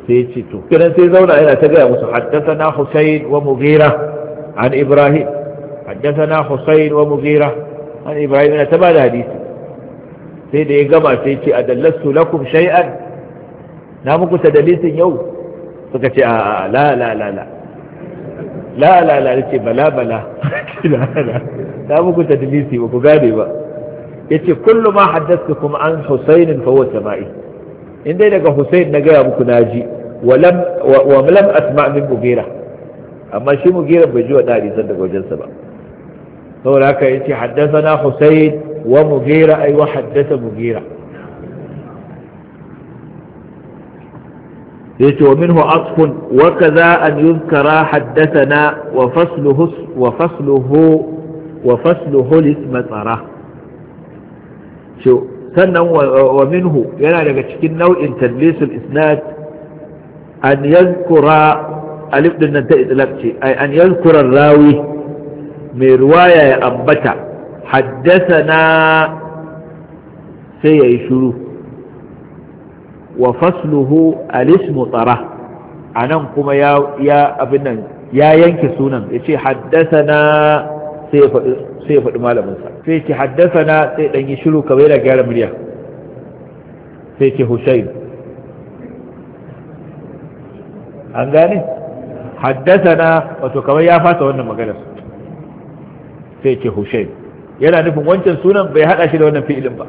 sai ce to kiran sai zauna yana ta gaya musu haddathana Husayn wa mugira an Ibrahim haddathana Husayn wa mugira an Ibrahim yana ta bada hadisi sai da ya gama sai ce adallastu lakum shay'an na muku dalilin yau suka ce a la la la la la la la ce bala bala na muku tadalisi ba ku gane ba yace kullu ma kuma an husayn fa huwa sama'i in dai daga husayn na gaya muku naji wa wa lam asma min mugira amma shi mugira bai ji wa dari san daga wajensa ba saboda haka yace haddathana husayn wa mugira ay wa haddatha mugira yace wa minhu asfun wa kaza an yuzkara haddathana wa fasluhu wa fasluhu wa fasluhu tsara. sannan wa minhu yana daga cikin nau'in tadlisul isnad an yazkura alif din nan ta itlaq ce ay an yazkura rawi mai ruwaya ya ambata haddathana sai yayi shuru wa fasluhu alismu tsara anan kuma ya abin nan ya yanke sunan yace na sai ya faɗi sai ya faɗi malaminsa sai ce haddasa na sai ɗanyi shiru kamar yana gyara murya sai ce hussein an gane haddasa na wato kamar ya fasa wannan maganar sai ce hussein yana nufin wancan sunan bai haɗa shi da wannan fi'ilin ba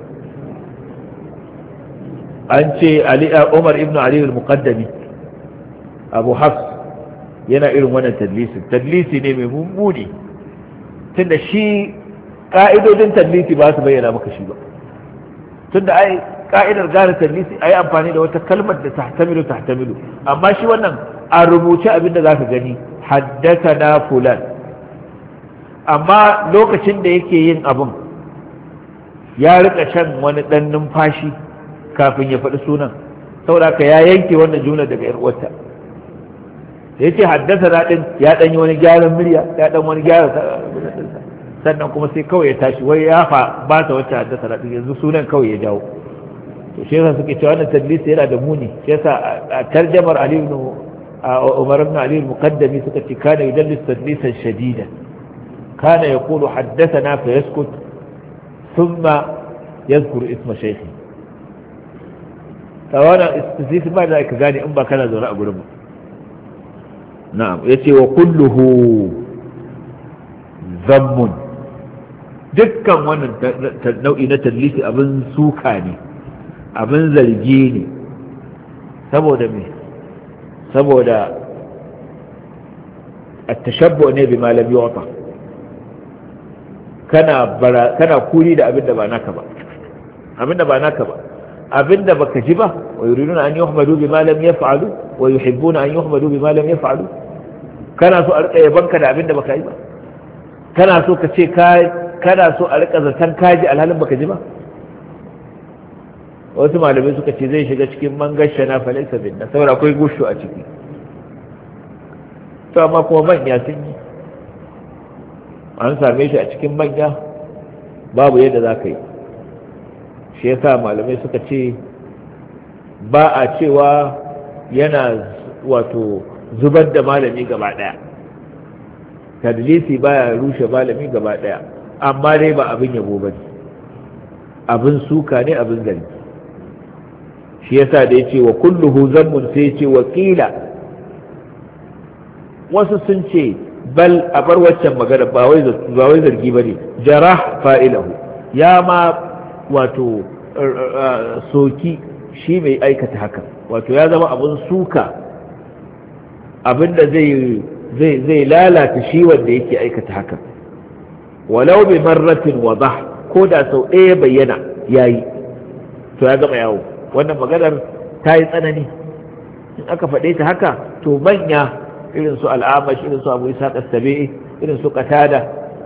an ce umar ibn ali al-muqaddami abu hafs yana irin wannan tadlisi tadlisi ne mai mummuni tunda shi ƙa'idodin tallisi ba su bayyana maka shi ba tunda ai ƙa'idar gane a yi amfani da wata kalmar da tahtamilu tahtamilu amma shi wannan a rubuce abin da za ka gani Haddasa na fulan amma lokacin da yake yin abin ya rika shan wani dan numfashi kafin ya faɗi sunan saboda ka ya yanke wannan juna daga 'yan uwarta da ce haddasa na din ya ɗan yi wani gyaran murya ya ɗan wani gyaran sannan kuma sai kawai ya tashi wai ya fa ba ta wacce haddasa na din yanzu sunan kawai ya jawo to shi yasa suke cewa wannan tadlis yana da muni shi yasa a tarjamar Ali ibn Umar ibn Ali al-Muqaddami suka ce kana yudallis tadlisan shadida kana yaqulu haddathana fa yaskut thumma yadhkur isma shaykhi tawana istisma da ka gane in ba kana zaune a gurin na'am yace wa kulluhu zammun dukkan wannan nau'i na tadlisi abin suka ne abin zargi ne saboda me saboda attashabbu ne bi malam yu'ta kana kana kuri da abin da ba naka ba abin da ba naka ba abin da baka ji ba wa nuna an yuhmadu bi malam yaf'alu wa yuhibbuna an yuhmadu bima lam yaf'alu kana so a rika ka da abin da baka yi ba kana so ka ce ka kana so a rika zaton kaji alhalin baka ji ba wasu malamai suka ce zai shiga cikin mangasha na falaisa bin saboda akwai gushu a ciki to amma kuma manya sun yi an same shi a cikin manya babu yadda za ka yi shi yasa malamai suka ce ba a cewa yana wato zubar da malami gaba daya tadlisi baya rushe malami gaba daya amma dai ba abin yabo ba ne abin suka ne abin gari. shi yasa da ce wa kulluhu zammun sai ce wa wasu sun ce bal a bar waccan magana ba wai zargi ba ne. Jara, fa'ilahu ya ma wato er, er, er, soki shi mai aikata hakan wato ya zama abin suka abin da zai lalata shi wanda yake aikata haka walau bi marratin wadah ko da sau ɗaya bayyana yayi to ya gama yawo wannan maganar ta yi tsanani in aka faɗe ta haka to manya irin su al'amash irin su abu isa irin su katada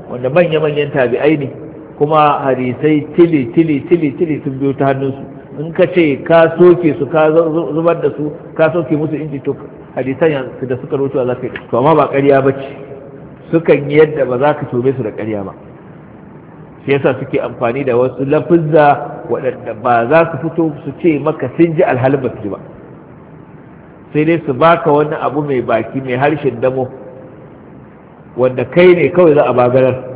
wanda manya-manyan tabi'ai ne kuma hadisai tili tili tili tili sun biyo ta hannunsu in ka ce ka soke su ka zubar da su ka soke musu inji to hadisan da suka rotuwa za ka yi to amma ba ƙarya ba ce sukan yi yadda ba za ka tobe su da ƙarya ba shi yasa suke amfani da wasu lafizza waɗanda ba za su fito su ce maka sun ji alhalin ba su ji ba sai dai su baka wani abu mai baki mai harshen damo wanda kai ne kawai za a bagarar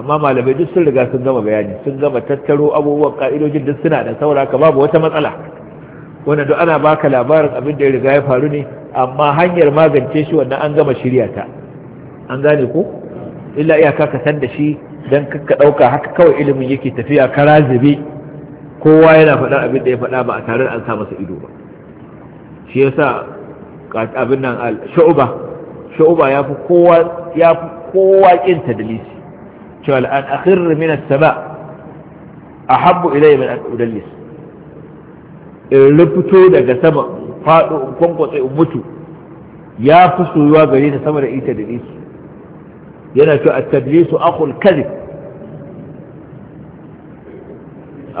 amma malamai duk sun riga sun gama bayani sun gama tattaro abubuwan ka'idojin duk suna da saura ka babu wata matsala wanda duk ana baka labarin abin da ya riga ya faru ne amma hanyar magance shi wannan an gama shirya ta an gane ko illa iyaka ka san da shi dan ka dauka haka kawai ilimin yake tafiya ka zube kowa yana faɗa abin da ya faɗa ba a tare da an sa masa ido ba shi yasa abin nan al shu'ba ya fi kowa ya fi kowa kinta cewa an akhir min as-sama ahabbu ilayya min an udallis in rufito daga sama fado in kwankwatsa in mutu ya fi soyuwa gare ni sama da ita da nisu yana cewa at-tadlisu akhul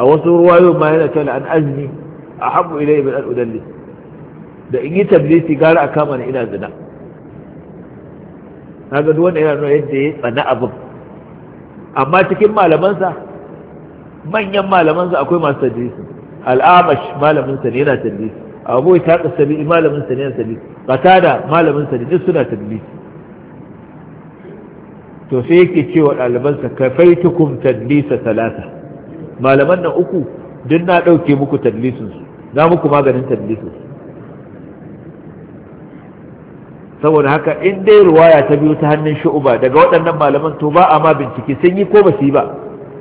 a wasu ruwayo ma da in yi tablisi gara a kama ina zina na ga duk wanda yana nuna yadda ya tsana abin amma cikin malamansa manyan malamansa akwai masu tadrisi al'amash sa ne yana tadrisi abu ya taƙa sabi sa ne yana tadrisi qatada malaminsa ne duk suna tadrisi to sai yake cewa ɗalibansa kafaitukum tadlisa talata malaman nan uku duk na ɗauke muku su na muku maganin su saboda haka in dai ruwaya ta biyu ta hannun shu'uba daga waɗannan malaman to ba a ma bincike sun yi ko ba su yi ba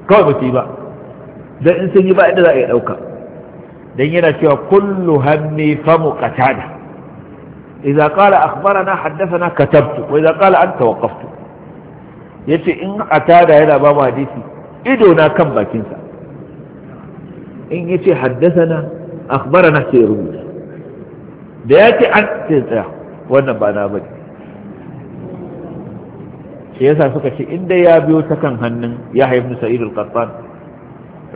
kawai ba su yi ba Don in sun yi ba inda za a yi ɗauka Don yana cewa kullu hammi famu qatada idza qala akhbarana haddathana katabtu wa idza qala anta waqaftu yace in atada yana ba mu hadisi ido na kan bakin sa in yace haddathana akhbarana sai rubuta da yace an sai tsaya wannan ba na bane shi yasa suka ce inda ya biyo ta kan hannun ya haifu sa'id al-qattan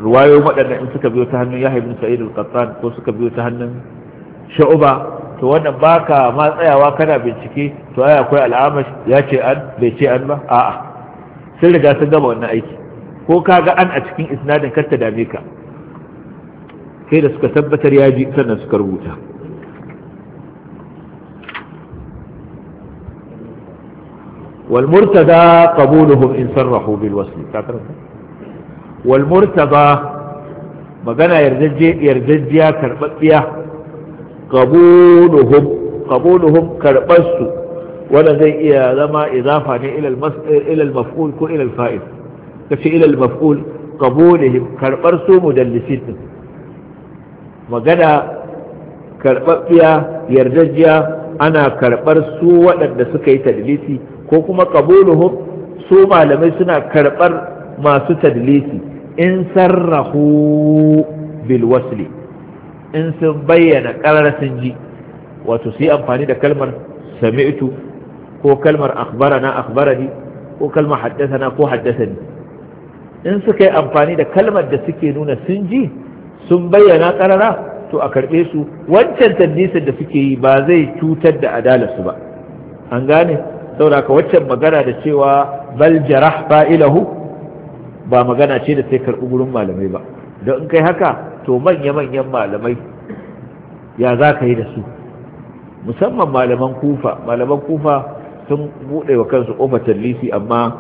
ruwayo waɗanda in suka biyo ta hannun ya haifu sa'id al-qattan ko suka biyo ta hannun sha'uba to wannan baka ma tsayawa kana bincike to ai akwai al'amash ya ce an bai ce an ba a'a sun riga sun gama wannan aiki ko ka ga an a cikin isnadin kar ta dame ka sai da suka tabbatar ya ji sannan suka rubuta والمرتضى قبولهم إن صرحوا بالوصل والمرتضى مغانا يرججي يرججيا كربتيا قبولهم قبولهم كربسوا ولا زي إيه لما إضافة إلى, المس... إلى المفعول كو إلى الفائد كفي إلى المفعول قبولهم كربسوا مدلسين مغانا كربتيا يرججيا أنا كربسوا وأن سكي تدليسي ko kuma qabuluhum su malamai suna karɓar masu tadlisi in sarrahu bil wasli in sun bayyana ƙarar sun ji wato su yi amfani da kalmar sami'tu ko kalmar akhbarana akhbarani ko kalmar haddasana ko haddasani in suka yi amfani da kalmar da suke nuna sun ji sun bayyana ƙarara to a karɓe su wancan tadlisin da suke yi ba zai cutar da adalarsu ba an gane saboda ka waccan magana da cewa bal jarah ilahu ba magana ce da sai karɓi gurin malamai ba don in kai haka to manya-manyan malamai ya za ka yi da su musamman malaman kufa malaman kufa sun buɗe wa kansu ƙofar tallisi amma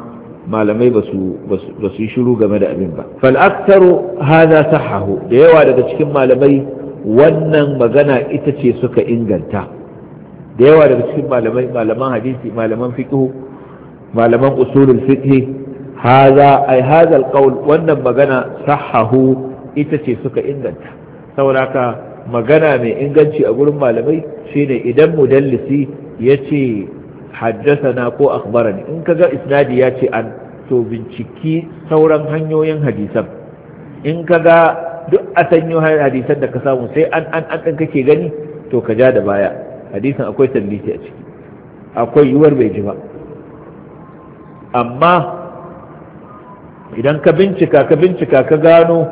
malamai ba su yi shiru game da abin ba fal'aktaru haza sahahu da yawa daga cikin malamai wannan magana ita ce suka inganta da yawa daga cikin malamai malaman hadisi malaman fiqh malaman usulul fiqh haza ai haza alqaul wannan magana sahahu ita ce suka inganta sauraka magana mai inganci a gurin malamai shine idan mudallisi yace na ko akhbarani in kaga isnadi ya ce an to binciki sauran hanyoyin hadisan in kaga duk a sanyo hadisan da ka samu sai an an an kake gani to ka ja da baya hadisin akwai talliti a ciki akwai yiwuwar bai ji ba amma idan ka bincika ka bincika ka gano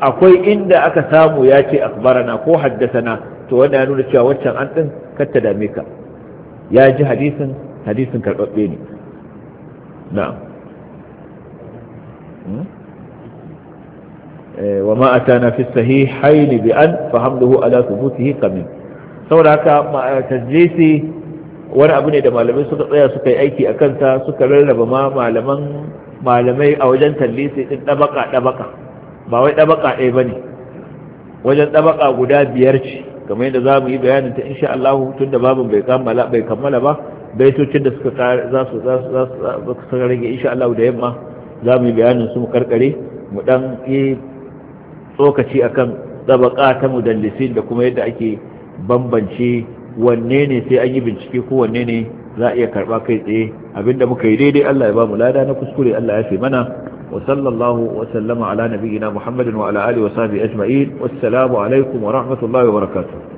akwai inda aka samu ya ce akbarana ko haddasana to wanda ya nuna cewa waccan an ɗin katta dame ka ya ji hadisin hadisin karɓaɓɓe ne na na'am وما أتانا في bi an فحمله ala subutihi kamin saboda haka eh, tajlisi wani abu ne da malamai suka tsaya suka yi aiki a kansa suka rarraba ma malaman malamai a wajen tallisi din dabaka dabaka ba wai dabaka ɗaya ba ne wajen dabaka guda biyar ce kamar yadda zamu yi bayanin ta insha Allah tun da babin bai kammala bai kammala ba baitocin da suka za su za su za su rage insha Allah da yamma za mu yi bayanin su mu karkare mu dan yi tsokaci akan dabaka ta mudallisin da kuma yadda ake bambance wanne ne sai an yi bincike ko wanne ne za a iya karba kai tsaye abinda muka yi daidai Allah ya ba mu lada na kuskure Allah ya fi mana wa sallallahu wa sallama ala nabiyina Muhammadin wa ala alihi wa sahbihi ajma'in wassalamu alaikum wa rahmatullahi wa barakatuh